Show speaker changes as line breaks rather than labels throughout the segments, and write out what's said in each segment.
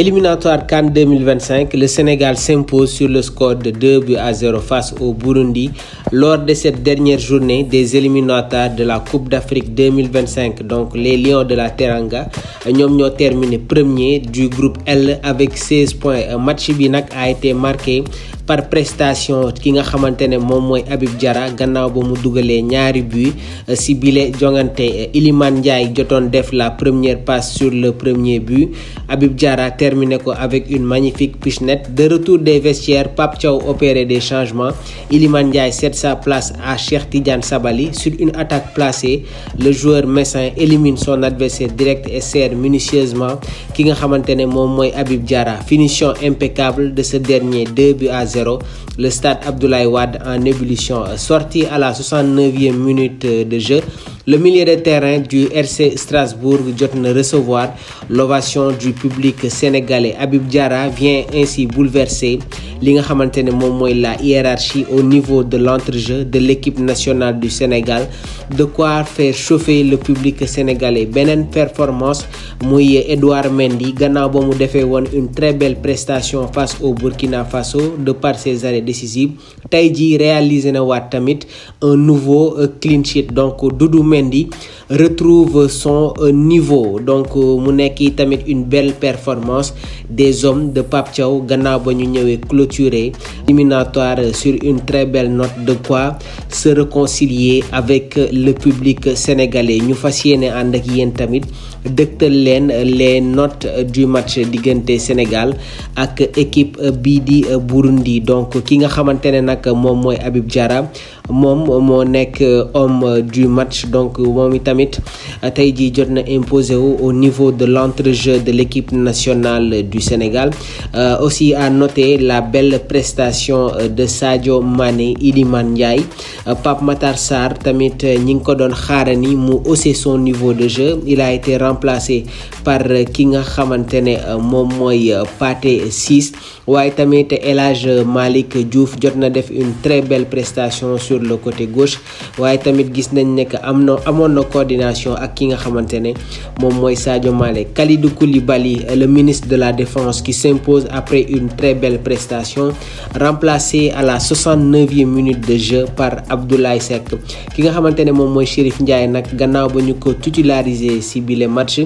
Éliminatoire CAN 2025, le Sénégal s'impose sur le score de 2 buts à 0 face au Burundi lors de cette dernière journée des éliminatoires de la Coupe d'Afrique 2025. Donc les Lions de la Teranga ñoom ñoo terminé premier du groupe L avec 16 points. Match bi nag a été marqué par prestation ki nga xamante ne moom mooy Habib Diarra gannaaw ba mu dugalee ñaari but euh, si jongante euh, Iliman jotoon def la première passe sur le premier but Habib Diarra terminé ko avec une magnifique piche nette de des vestiaires Pape Thiaw opéré des changements Iliman Ndiaye cède place à Cheikh Tidiane Sabali sur une attaque placée le joueur messin élimine son adversaire direct et serre minutieusement ki nga xamante impeccable de ce dernier 2 buts à 0. Le stade Abdoulaye Wade en ébullition sorti à la 69e minute de jeu. Le milieu de terrain du RC Strasbourg jot na recevoir l'ovation du public sénégalais. Habib Diarra vient ainsi bouleverser li nga xamante ne moom mooy la hiérarchie au niveau de l'entrejeu de l'équipe nationale du Sénégal de quoi faire chauffer le public sénégalais beneen performance muy Edouard Mendy gannaaw ba mu defee woon une très belle prestation face au Burkina Faso de par ses arrêts décisifs tey jii réaliser na waat tamit un nouveau euh, clean sheet donc du Mendy retrouve son euh, niveau donc euh, mu nekk tamit une belle performance des hommes de Pape Thiaw gannaaw ba ñu clôturer éliminatoire sur une très belle note de quoi se réconcilier avec le publique sénégalais ñu fas yéene ànd ak yéen tamit dëgtal leen les notes du match diggante Sénégal ak équipe bii di Burundi donc ki nga xamante ne nag moom mooy Habib Diarra moom moo nekk homme du match donc moom itamit tey jii jot na imposé wu au niveau de l'entrejeu de l'équipe nationale du Sénégal euh, aussi à noter la belle prestation de Sadio Mané Iliman Ndiaye Pape Matar Sarr tamit euh, ñi ngi ko doon xaarani mu aussi son niveau de jeu il a été remplacé par euh, ki nga xamante ne euh, moom mooy Pathé Ciss waaye tamit El Hadj Malick Diouf jot na def une très belle prestation sur le côté gauche waaye tamit gis nañ ne que am na amoon na coordination ak ki nga xamante ne moom mooy Sadio Mané Kalidou Koulibaly le ministre de la défense qui s'impose après une très belle prestation remplacé à la 69e minute de jeu Abdoulaye Seck ki nga xamante ne moom mooy Chérif Ndiaye nag gannaaw ba ñu ko titularisé si bile match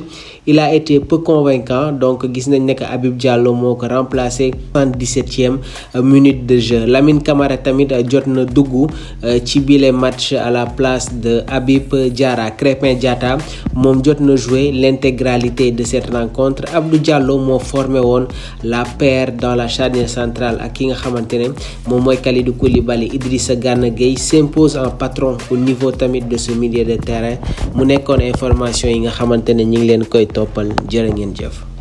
il a été peu convaincant donc gis nañ ne que Habib Diallo moo ko remplacé soixante-dix-septième minute de jeu Lamine Camara tamit jot na dugg euh, ci bile match à la place de Habib Diarra Crépin Diatta moom jot na jouer l'intégralité de cette rencontre Abdou Diallo moo formé woon la paire dans la charnière centrale ak ki nga xamante moom mooy Kalidou Koulibaly Idrissa Gana Gueye s'impose en patron au niveau tamit de ce milieu de terrain mu nekkoon information yi nga xamante ne ñi ngi leen koy toppal jërë ngeen jëf